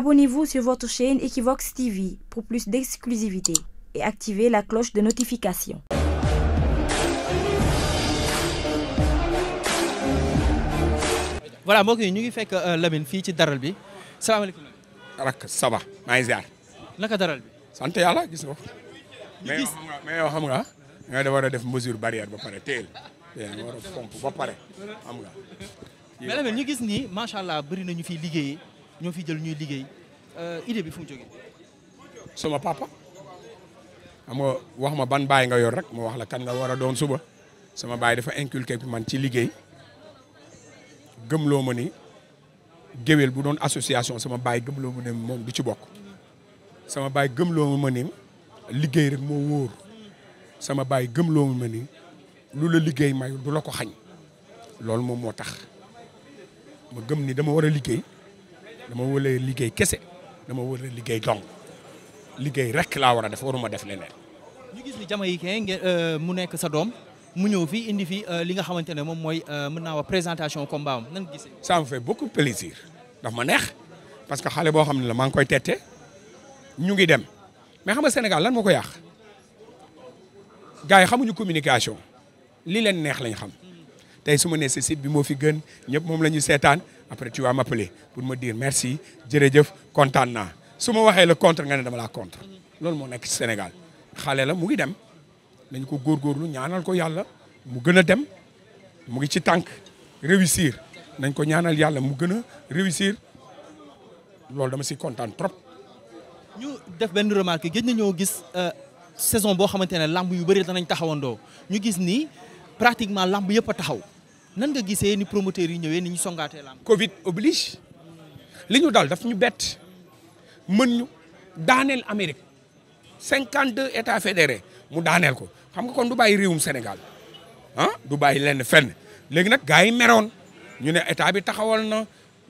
Abonnez-vous sur votre chaîne Equivox TV pour plus d'exclusivité et activez la cloche de notification. voilà mbokk yi ñu ngi fekk euh, Lamine fii ci daral bi salaamaaleykum. rak saba maa ngi ziar. naka daral bi. sant yàlla gis nga. mais yow xam nga mais yow xam nga. nga war a def mesure barrière ba pare teel. yaa war a pompe ba pare xam nga. mais Lamine ñu gis nii macha allah bëri na ñu fiy liggéeyee. ñoo fi jël ñuy liggéey euh, idée bi fu mu jógee. sama papa xam wax ma ban baay nga yor rek moo wax la kan nga war a doon suba sama baay dafa bi man ci liggéey gëmloo ma ni géwél bu doon association sama baay gëmloo ma ne moom du ci bokk sama baay gëmloo ma ni liggéey rek moo wóor sama baay gëmloo ma ni lu la liggéey mayul du la ko xañ loolu moom moo tax ma gëm ni dama war a liggéey. dama war liggéey kese dama war liggéey dong liggéey rek laa war a def waruma def leneen. ñu gis ni jamaïcain ngeen euh, mu nekk sa doom mu ñëw fii indi fi euh, li nga xamante ne moom mooy euh, mën naa wax présentation combat am nan gisee. ça me fait beaucoup plaisir daf ma neex parce que xale boo xam ne la maa ngi koy tette ñu ngi dem mais xam Sénégal lan moo ko yàq gars yi xamuñu communication li leen neex lañ xam. tey su ma nee si bi moo fi gën ñëpp moom la ñu seetaan après tu vas m'appeler pour ma dire merci jërëjëf kontaan naa su ma waxee la contre nga ne dama laa contre loolu moo nekk ci Sénégal xale la mu ngi dem nañ ko góorgóorlu ñaanal ko yàlla mu gën a dem mu ngi ci tànk réussir nañ ko ñaanal yàlla mu gën a réussir loolu dama si kontaan trop. ñu def benn remarque na nañoo gis euh, saison boo xamante ne lamb yu bëri danañ taxawandoo ñu gis nii pratiquement lamb yëpp taxaw. nan nga gisee ni promoteurs yi ñëwee ni ñu songaatee lamb Covid oblige li ñu dal daf ñu bett mën ñu daaneel Amérique cinquante deux états fédérés mu daaneel ko xam nga kon du bàyyi réewum Sénégal ah du bàyyi lenn fenn léegi nag gars yi meroon ñu ne état bi taxawal na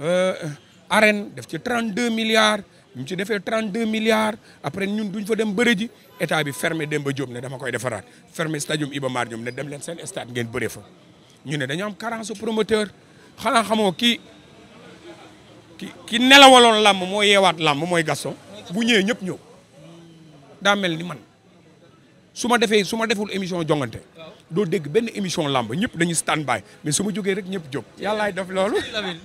euh, arène def ci trente deux milliards ñu ci defee trente deux milliards après ñun duñ fa dem bëre ji état bi fermé Demba Diop ne dama koy defaraat fermé stadium Iba Mar Diop ne dem leen seen stade ngeen bëree fa. ñu ne dañu am carence promoteur xanaa xamoo ki ki ki nelawaloon làmb moo yeewaat làmb mooy gaso bu ñëwee ñëpp ñëw daa mel ni man su ma defee su ma deful émission jongante doo dégg benn émission làmb ñëpp dañu stand by mais su ma jógee rek ñëpp jóg yàllaay def loolu.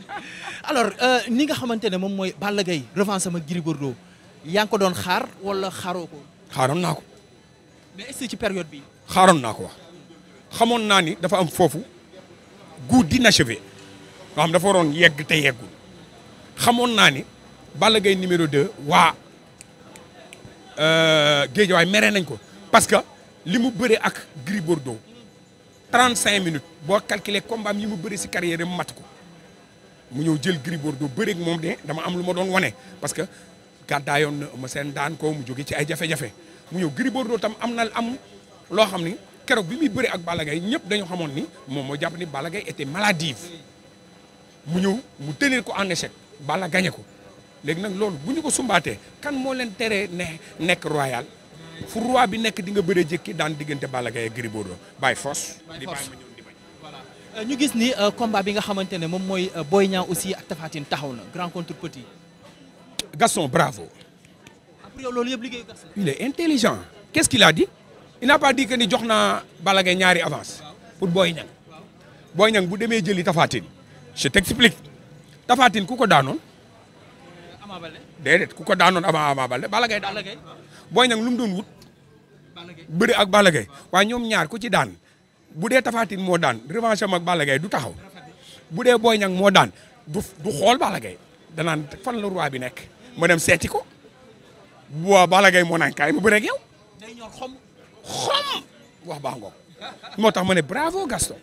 alors euh, ni nga xamante ne moom mooy Balla Gaye revanche sama Gris Bordeaux yaa ngi ko doon xaar wala xaaroo ko. xaaroon naa ko. mais est ci période bi. xaaroon naa ko wax xamoon naa ni dafa am foofu goût d'inachevé nga xam dafa waroon yegg te yeggul xamoon naa ni Balla Gaye numéro deux waa euh, Géejawaay mere nañ ko parce que li mu bëre ak Gris Bordeaux cinq minutes boo calculer combat yi mu bëre si carrière am mat ko mu ñëw jël Gris Bordeaux bëre ak moom de dama am lu ma doon wane parce que gàddaayoon na ma seen daan ko mu jóge ci ay jafe-jafe mu ñëw Gris Bordeaux tam am na am loo xam ni. keroog bi muy bëri ak Balla ñëpp dañu xamoon ni moom moo jàpp ni Balla Gaye était maladive mu ñëw mu tenir ko en échec Balla gagné ko léegi nag loolu bu ñu ko sumbaatee kan moo leen teree ne nekk royal fu roi bi nekk di nga bëree jëkki daan diggante Balla Gaye ak Gris Bordeaux bàyyi force ñu gis ni euh, combat bi nga xamante ne moom mooy euh, booy ñaa aussi ak Tapha taxaw na grand contre petit Gaston bravo après loolu yëpp liggéeyu Gaston intelligent qu'est-ce il n'a pas dit jox naa Balla ñaari avance pour Boy Niang Boy Niang bu demee jëli Tapha Tine je t'explique Tapha Tine ku ko daanoon déedéet ku ko daanoon avant Ama Baldé Balla Gaye daan Boy Niang lu mu doon wut bëri ak Balla waa waaye ñoom ñaar ku ci daan bu dee Tapha moo daan revanche am ak Balla du taxaw bu dee Boy Niang moo daan du du xool Balla Gaye danaan fan la roi bi nekk ma dem seeti ko bu Balla Gaye moo naan kaay ma bëre ak xom wax baax ngoog moo tax ma ne bravo Gaston.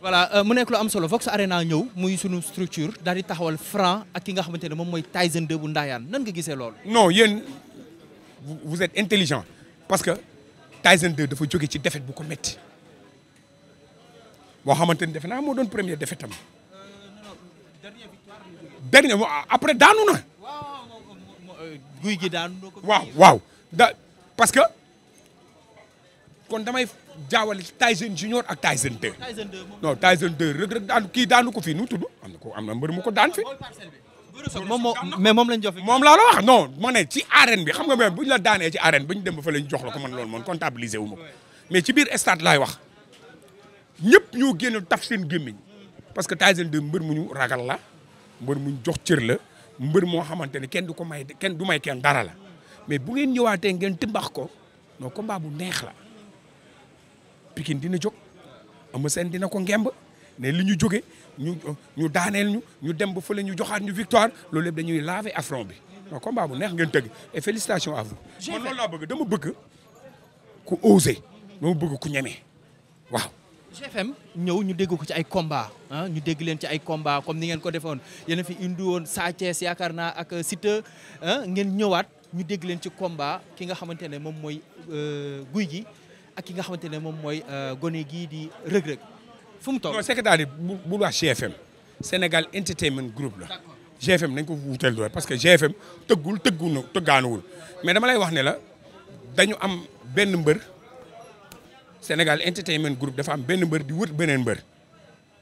Euh, mu nekk lu am solo Vox naa ñëw muy sunu structure daal di taxawal Franc ak ki nga xamante ne moom mooy Tyson 2 bu Ndayane nan nga gise loolu. non yéen vous êtes intelligent parce que Tyson 2 dafa jóge ci défaite bu ko métti boo xamante ni defe naa moo doon premier défaite am. dernier après daanu na. Euh, guy gi daanu na ko. waaw waaw parce que. kon damay jaawale Tyson junior ak Tyson 2. Tyson 2 non Tyson 2 rëg rëg daanu kii daanu ko fii nu tudd am na ko am na mbër mu ko daan fi. moom moo mais moom lañ jox fi. moom laa la wax non ma ne ci arène bi xam nga mais buñ la daanee ci arène ba ñu dem ba fa lañ jox la ko man loolu moom comptabiliser wu ma ko mais ci biir stade laay wax ñëpp ñoo génn taf seen gémmiñ parce que Tyson de mbër mu ñu ragal la mbër mu ñu jox cër la mbër moo xamante ne kenn du ko may kenn du may kenn dara la mais bu ngeen ñëwaatee ngeen timbax ko non combat bu la. Pikine dina jóg Eumeu Sène dina ko ngemb ne li ñu jóge ñu ñu ñu ñu dem ba fële ñu joxaat ñu victoire loolu yëpp dañuy laver bi waaw bu neex ngeen tëgg et félicitations à vous. man dama bëgg ku osé dama bëgg ku ñeme waaw. GFM ñëw ñu dégg ko ci ay combat ah ñu dégg leen ci ay combat comme ni ngeen ko defoon yéen fi indi woon Sa Thiès yaakaar naa ak euh, ah, ngeen ñëwaat ñu dégg ci komba ki nga xamante ne moom mooy euh, guy gi. ak ki nga xamante ne moom mooy euh, gone gii di rëg-rëg fu mu toll. non secrétaire bu bu wax GFM Sénégal Entertainment Group la. GFM nañ ko wuuteel doole parce que GFM tëggul tëgguñu tëggaanuwul mais dama lay wax ne la dañu am benn mbër Sénégal Entertainment Group dafa am benn mbër di wut beneen mbër.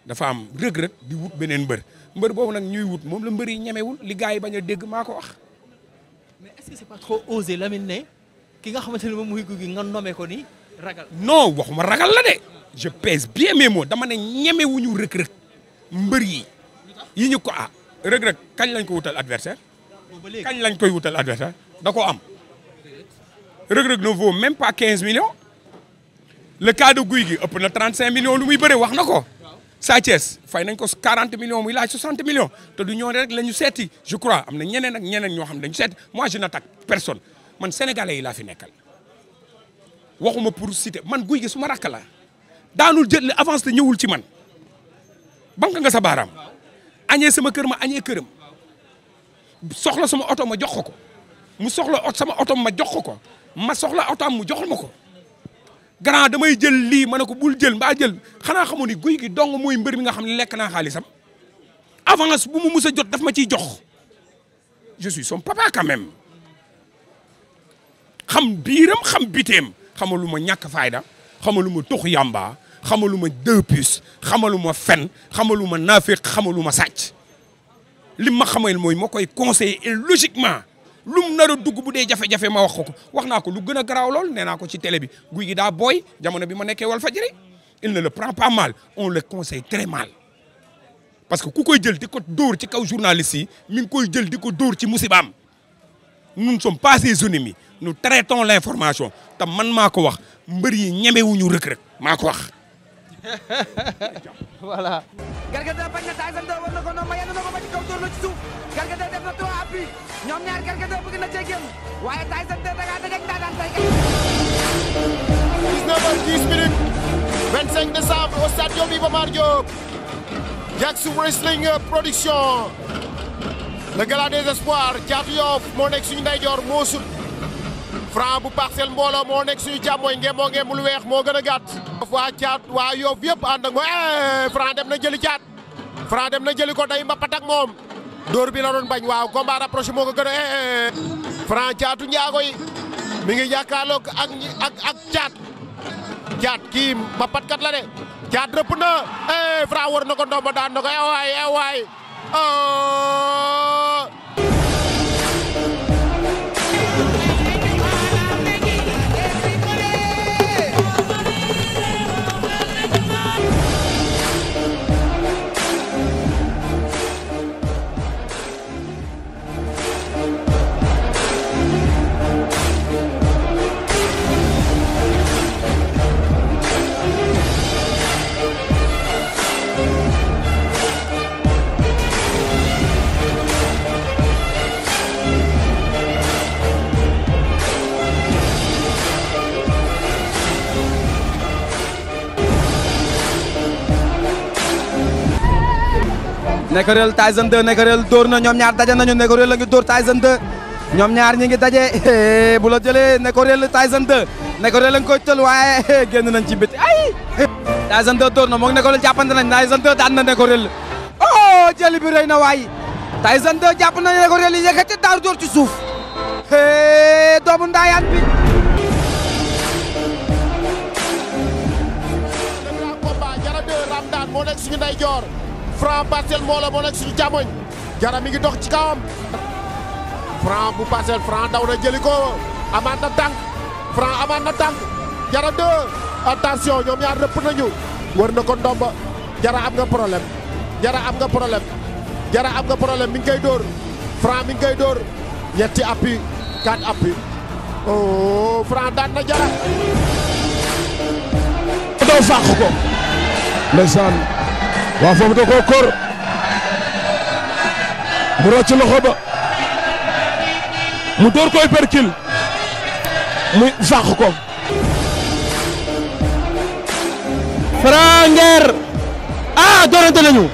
dafa am rëg-rëg di wut beneen mbër mbër boobu nag ñuy wut moom la mbër yi ñemewul li yi bañ a dégg maa ko wax. mais est-ce que c'est pas trop osé Lamine ne ki nga xamante ne moom muy guy gi nga nommé ni non waxuma ragal la de je pèse bien mes dama ne ñeme wu ñu Reug mbër yi yi ñu ko ah Reug kañ lañ ko wutal adversaire kañ lañ koy wutal adversaire da ko am Reug Reug ne vaut même pas 15 millions le cas de Gouye Gui ëpp na lu muy bëre wax na ko Sa Thiès fay nañ ko 40 millions muy laaj 60 millions te du ñoo rek la ñu seeti je crois am na ñeneen ak ñeneen ñoo xam ne dañu seet moi je n'attaque personne man sénégalais yi laa fi nekkal waxuma pour citer man guy gi su ma rakk la daanul jël avance te ñëwul ci man bank nga sa baaraam añee sama kër ma añee këram soxla sama oto ma jox ko ko mu soxla ot sama oto ma jox ko ko ma soxla oto am mu jox ma ko grand damay jël lii ma ne ko bul jël mbaa jël xanaa xamoon ni guy gi dong mooy mbër mi nga xam ne lekk naa xaalisam avance bu mu mus jot daf ma ciy jox je suis papa quand même xam biiram xam biteem lu ma ñàkk fayda ma tux yamba xamaluma deux puces xamaluma fen xamaluma naafeq xamaluma sàcc li ma xamal mooy moo koy conseiller logiquement lum nar a dugg bu dee jafe-jafe ma wax ko ko wax naa ko lu gën a garaaw lool nee naa ko ci télé bi guy gi daa booy jamono bi ma nekkee Walfadjri il ne le prend pas mal on le conseil très mal parce que ku koy jël di ko door ci kaw journaliste yi mi ngi koy jël di ko dóor ci musibaam nous ne sommes pas ses ennemis nous traitons l' information te man maa ko wax mbër yi ñemewuñu Reug Reug maa ko wax. voilà. Garga bañ na Tyson doo war na ko noonu ma yenn na ko ba ci kaw door na ci suuf Garga def na trois appui ñoom ñaar Garga bëgg na cee génn waaye Tyson da ngaa dajeeg daan tey. 19 heures 10 minutes 25 décembre au stade Iba Mar Diop Diaks Wrestling Production. le gala des Caatu Yoff moo nekk suñu ndeyjoor moo sut Franc bu Parcelles mbooloo moo nekk suñu càmmooñ ngemboo ngemb lu weex moo gën a gàtt waa caat waa Yoff yëpp ànd ak mooy eh, Franc dem na jëli caat Franc dem na jëli ko day mbapat ak moom dóor bi la bañ waaw combat rapproché moo ko gën a eh, eh. Franc caatu njaago yi mi ngi jàkkaarloog ak ak ak caat caat kii mbapatkat la de caat rëpp na Franc war na ko ndomba daan na ko ewaay ewaay oh! Nekkorel Tyson 2 Nekkorel dóor na ñoom ñaar daje nañu Nekkorel la ngi dóor Tyson 2 ñoom ñaar ñi ngi daje bu la jëlee Nekkorel Tyson 2 Nekkorel la ngi koy waaye génn nañ ci biti ay Tyson 2 dóor na moog Nekkorel jàppante nañ Tyson 2 daan na Nekkorel oh jëli bi rëy na waay Tyson 2 jàpp na Nekkorel yi yëkkati daar dóor ci suuf doomu ndaayaan bi combat Franc Parcelles moo la moo nekk suñu jara mi ngi dox ci kawam Franc bu Parcelles Franc daw na jëli ko amaat na tànk Franc amaat na tànk jara deux attention ñoom ñaar rëpp nañu wër na ko ndomba jara am nga problème jara am nga problème jara am nga problème mi ngi koy dóor Franc mi ngi koy dóor ñetti appui quatre appui oh daan na jara doo ko ndeysaan waaw foofu da koo kor mu rocc loxo ba mu door koy perkil mu sàq ko Franc Nguer ah doorante nañu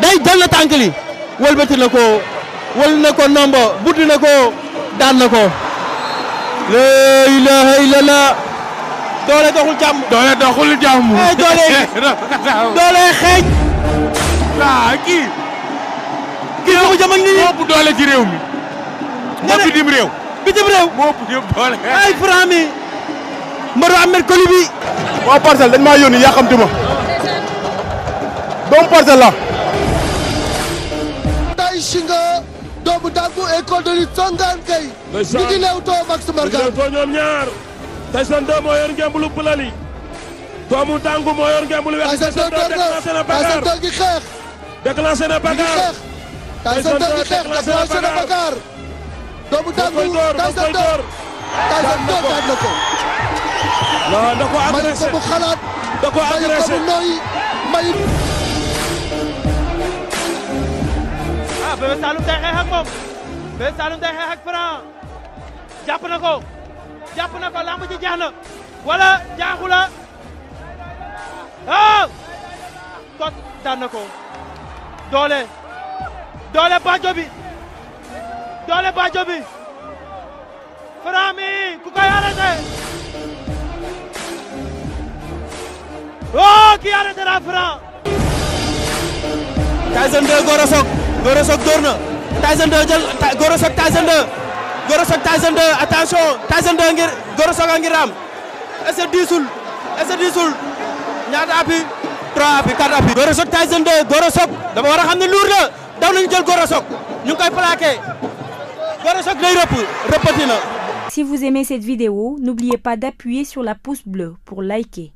day dal na tànk li wëlbati na ko wël na ko nomba buddi na ko daan ko la ilaha doole doxul jàmm. doole doxul jàmm. Eh, doole doole xeeñ. waaw ah, kii. kii doxul jàmm ak nit ñi doole ci réew mi. nga ne bitim réew. bitim réew. moo ëpp yëpp doole. ay bi. waa parcelle dañ maa yónni yàqamti doomu parcelle la. Tay Shinga doomu dàggu école de lutte Songane Gueye. ndeysaan ñu ngi too Max Mbargane Tyson 2 moo yor ngembulu Bulali. doomu tàngu moo yor ngembulu weex. Tyson 2 gi xeex. déclenché na Bakar. Tyson 2 gi xeex déclenché na Bakar. doomu na ko. non da xalaat. da ko agressé mayu ko mu nooyi ah, xeex ak moom Bébé Saloum day xeex ak Franc jàpp na ko. jàpp na ko lamb ji jeex na wala jaaxu la kot daan ko doole doole baajo bi doole baajo bi Franc mi ku koy arrêté oh kii arrêté na Franc. Tyson 2 door na Tyson 2 jël Gora Sock Tyson 2 attention Tyson 2 ngir Gora Sock a ngir est-ce que diisul est-ce que diisul ñaata appui 3 appui 4 appui. Gora Sock Tyson 2 Gora Sock dama war a xam ne luur la daw nañu jël Gora Sock ñu ngi koy plaqué Gora Sock day rëpp rëppati Si vous aimez cette vidéo, n'oubliez pas d'appuyer sur la pouce bleue pour liker.